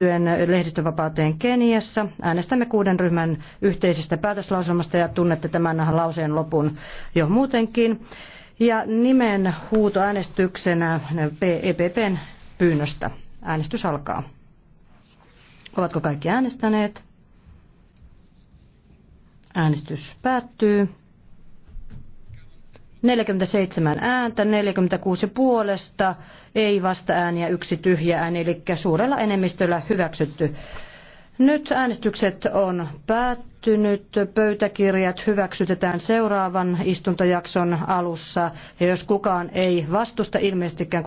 liittyen lehdistövapauteen Keniassa. Äänestämme kuuden ryhmän yhteisestä päätöslauselmasta ja tunnette tämän lauseen lopun jo muutenkin. Ja nimen huuto äänestyksenä EPPn pyynnöstä. Äänestys alkaa. Ovatko kaikki äänestäneet? Äänestys päättyy. 47 ääntä, 46 puolesta, ei vasta ääniä, yksi tyhjä ääni, eli suurella enemmistöllä hyväksytty. Nyt äänestykset on päättynyt. Pöytäkirjat hyväksytetään seuraavan istuntojakson alussa. Ja jos kukaan ei vastusta ilmeisestikään